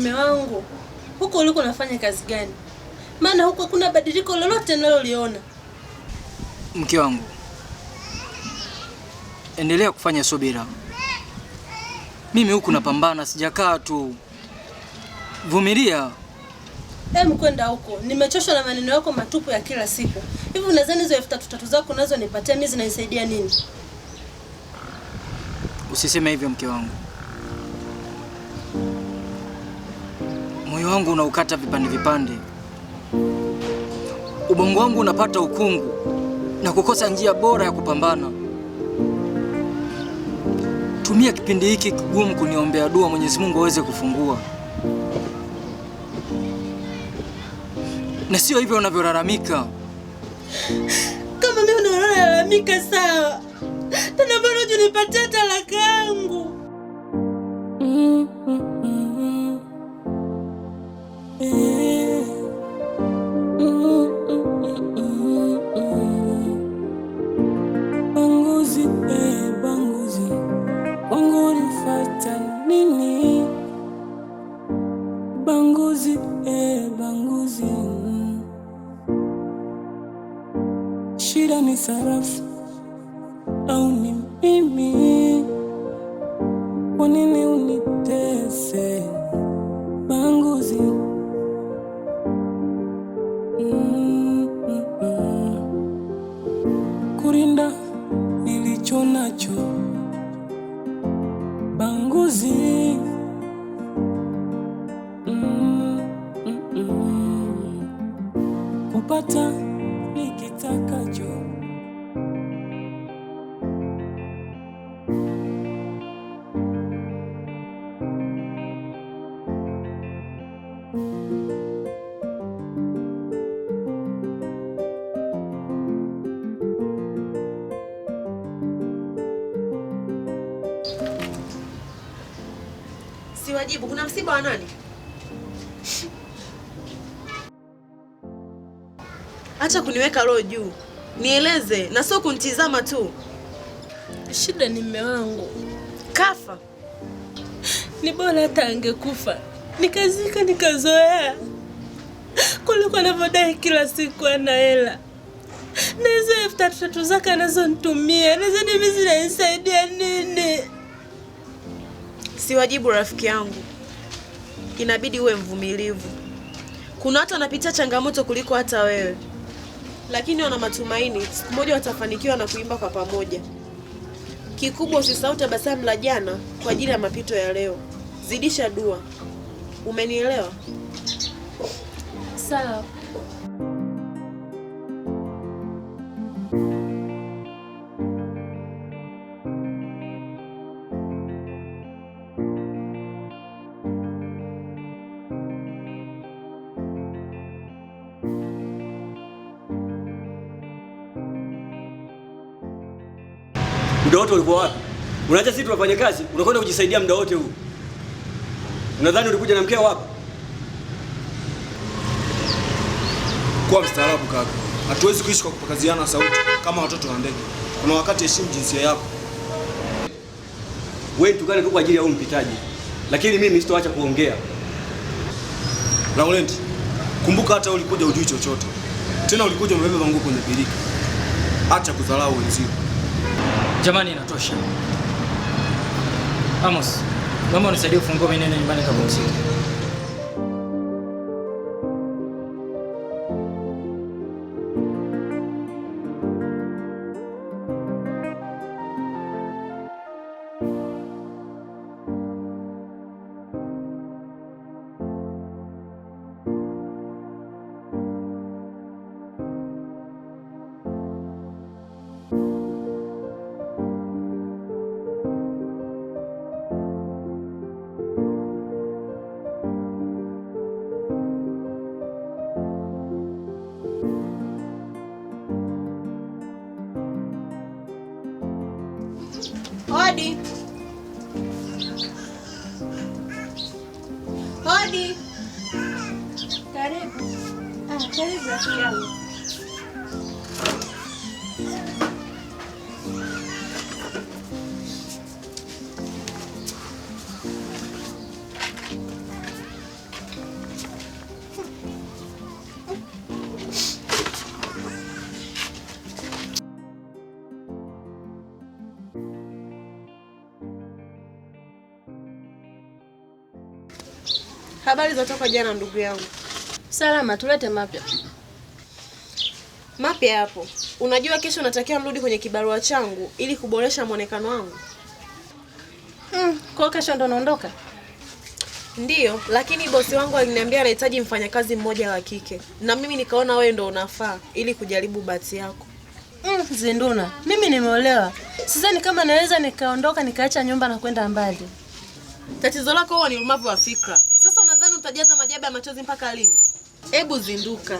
mume wangu, huko uliko unafanya kazi gani? Maana huko hakuna badiliko lolote naloliona Mke wangu, endelea kufanya subira. Mimi huku napambana, sijakaa tu, vumilia. Hem, kwenda huko, nimechoshwa na maneno yako matupu ya kila siku. Hivi unadhani hizo elfu tatu tatu zako nazo nipatia mimi zinanisaidia nini? Usiseme hivyo mke wangu. moyo wangu unaukata vipande vipande, ubongo wangu unapata ukungu na kukosa njia bora ya kupambana. Tumia kipindi hiki kigumu kuniombea dua, Mwenyezi Mungu aweze kufungua, na sio hivyo unavyoraramika. Kama mimi unaolalamika sawa, tena bado unipatia talaka yangu. mm -hmm. fata nini? Banguzi eh, banguzi, shida ni sarafu cozinha Usiwajibu, kuna msiba wa nani? Acha kuniweka roho juu, nieleze na sio kunitizama tu. Shida ni mme wangu kafa. Ni bora hata angekufa nikazika nikazoea, kuliko anavyodai kila siku ana hela na hizo elfu tatu tatu zake anazonitumia, nadhani mimi zinanisaidia nini? Usiwajibu rafiki yangu, inabidi uwe mvumilivu. Kuna watu wanapitia changamoto kuliko hata wewe, lakini wana matumaini siku moja watafanikiwa na kuimba kwa pamoja. Kikubwa usisahau tabasamu la jana kwa ajili ya mapito ya leo. Zidisha dua. Umenielewa? Sawa. muda wote ulikuwa wapi? Unaacha sisi tunafanya kazi, unakwenda kujisaidia muda wote huu. Unadhani ulikuja na mkeo hapa? Kwa mstaarabu kaka, hatuwezi kuishi kwa kupakaziana sauti kama watoto wa ndege. Kuna wakati heshimu jinsia yako. Wewe tukane tu kwa ajili ya huyu mpitaji, lakini mimi sitoacha kuongea. Laurent, kumbuka hata ulikuja ujui chochote tena, ulikuja umebeba nguo kwenye birika. Acha kudharau wenzio. Jamani, inatosha. Amos, naomba unisaidie ufungue mimi nene nyumbani kabla usiku. Hodi. Hodi. Karibu. Ah, karibu rafiki yangu. Habari za toka jana, ndugu yangu? Salama. Tulete mapya. Mapya hapo. Unajua kesho natakiwa mrudi kwenye kibarua changu ili kuboresha mwonekano wangu. Mm, kwa kesho ndo naondoka? Ndiyo, lakini bosi wangu aliniambia anahitaji mfanyakazi mmoja wa kike, na mimi nikaona wewe ndo unafaa ili kujaribu bahati yako. Mm, Zinduna, mimi nimeolewa, sidhani kama naweza nikaondoka nikaacha nyumba na kwenda mbali. Tatizo lako huo ni umavu wa fikra mtajaza majaba ya machozi mpaka lini? Hebu zinduka,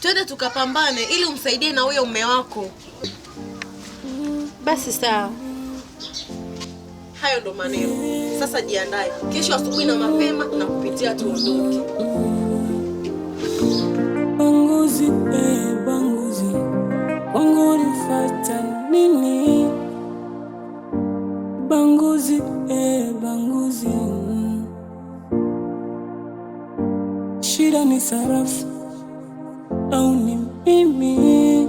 twende tukapambane ili umsaidie na huyo mume wako. Basi sawa, hayo ndo maneno. Sasa jiandae, kesho asubuhi na mapema na kupitia tuondoke. Eh. sarafu au ni mimi?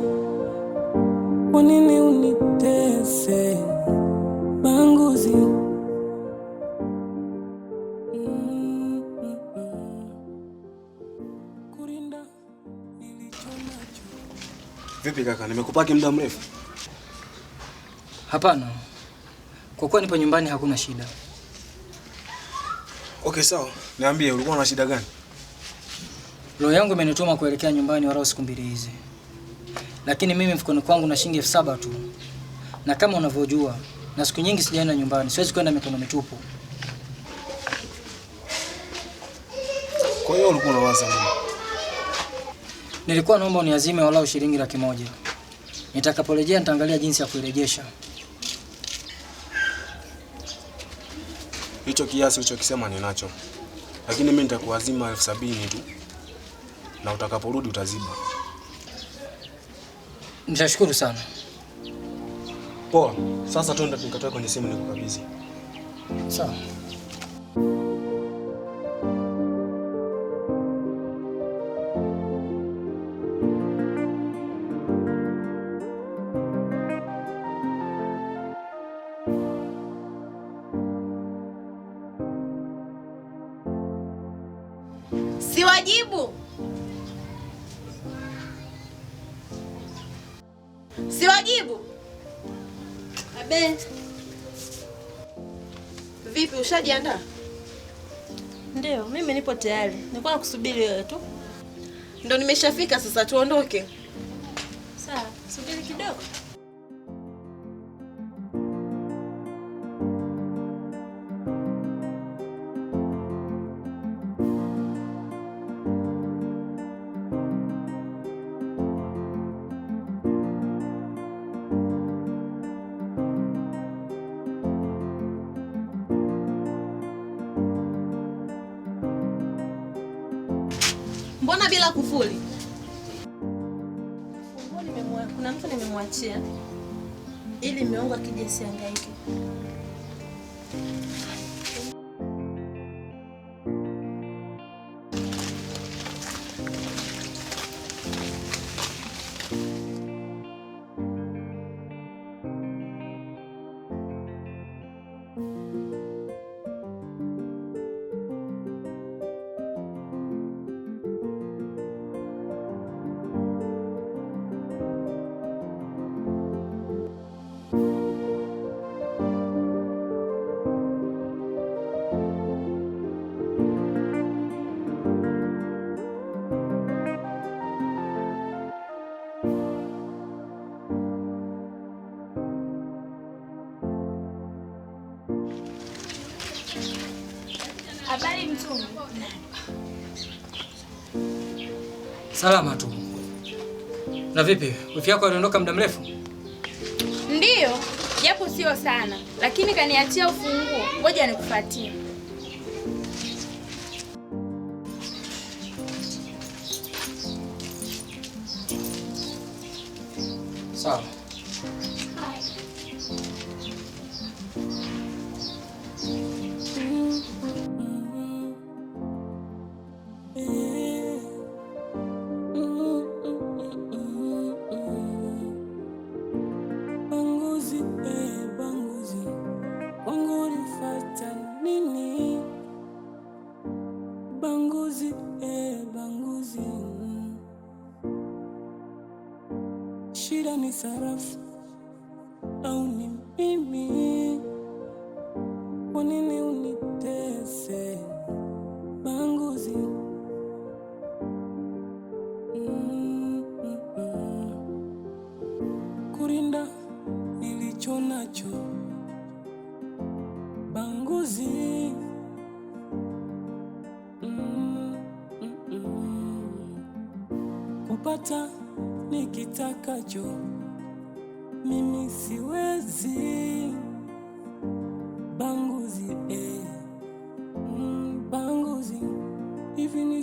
Kwa nini unitese banguzi? Vipi kaka, nimekupaki muda mrefu? Hapana, kwa kuwa nipo nyumbani hakuna shida. Okay, sawa. Niambie, ulikuwa na shida gani? Roho yangu imenituma kuelekea nyumbani walau siku mbili hizi, lakini mimi mfukoni kwangu na shilingi elfu saba tu, na kama unavyojua, na siku nyingi sijaenda nyumbani, siwezi kwenda mikono mitupu. Kwa hiyo ulikuwa unawaza nini? Nilikuwa naomba uniazime walau shilingi laki moja. Nitakaporejea nitaangalia jinsi ya kuirejesha. Hicho kiasi ulichokisema ninacho, lakini mimi nitakuazima elfu sabini tu na utakaporudi utaziba. Nitashukuru sana. Poa, sasa twende tukatoe kwenye simu nikukabidhi. Sawa. Siwajibu. Eh. Vipi ushajiandaa? Ndio, mimi nipo tayari. Nilikuwa nakusubiri wewe tu. Ndio nimeshafika sasa tuondoke. Sawa, subiri kidogo. Mbona bila kufuli? Kuna mtu nimemwachia ili mmeongo akija siangaike. Salama tu. Na vipi, wifi yako aliondoka muda mrefu? Ndiyo, japo sio sana, lakini kaniachia ufunguo. Ngoja nikufuatie.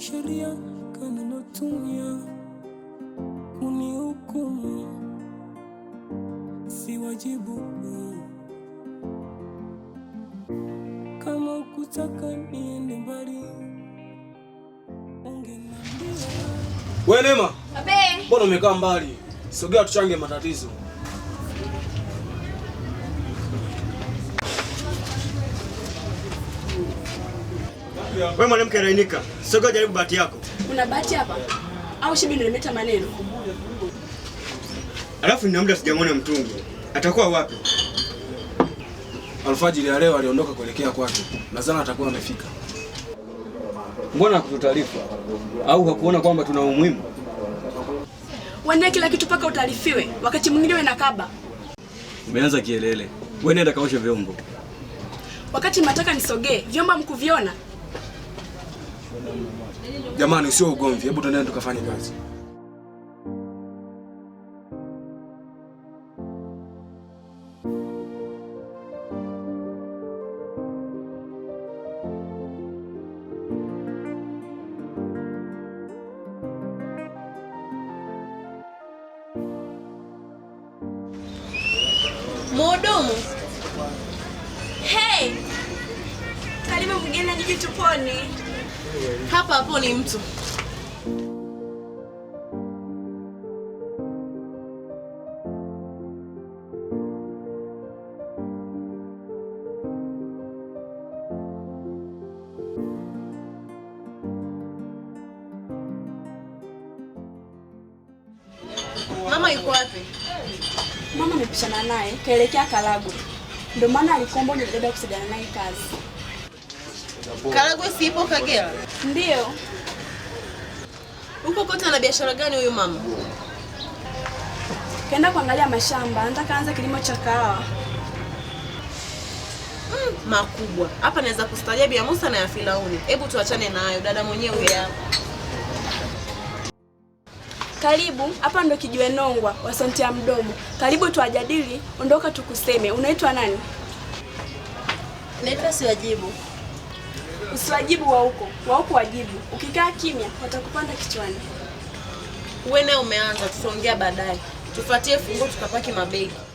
sheria kama natumia kunihukumu, si wajibu kama ukutaka niende mbali ungenambia. Wewe Neema, mbona umekaa mbali? Sogea tuchange matatizo. Wewe mwanamke anainika. Sogea jaribu bahati yako. Una bahati hapa? Au shibi ndio nimeta maneno? Alafu nina muda sijamwona mtungi. Atakuwa wapi? Alfajiri ya leo aliondoka kuelekea kwake. Nadhani atakuwa amefika. Mbona hakututaarifu? Au hakuona kwamba tuna umuhimu? Wende kila kitu paka utaarifiwe. Wakati mwingine wewe nakaba. Umeanza kielele. Wewe nenda kaosha vyombo. Wakati nataka nisogee, vyomba mkuviona? Jamani, sio ugomvi, hebu tuende tukafanye kazi. Mhudumu, hey, karibu mgeni, tupone hapa hapo ni mtu Mama yuko wapi? Mama amepishana naye kaelekea Karagwe, ndio maana alikomba nibeba kusaidiana naye kazi. Karagwe sipo Kagera? Ndio. Huko kote ana biashara gani huyu mama? Kaenda kuangalia mashamba, anataka kaanza kilimo cha kahawa. Mm, makubwa. Hapa naweza kustajabi ya Musa na ya Firauni. Hebu tuachane nayo, dada mwenyewe huyu hapa. Karibu, hapa ndo kijiwe nongwa wasontea mdomo. Karibu tuwajadili, ondoka tukuseme. Unaitwa nani? Naitwa Siwajibu. Usiwajibu wa huko wa huko wajibu. Ukikaa kimya watakupanda kichwani. Wewe umeanza, tutaongea baadaye. Tufuatie fungo tukapaki mabegi.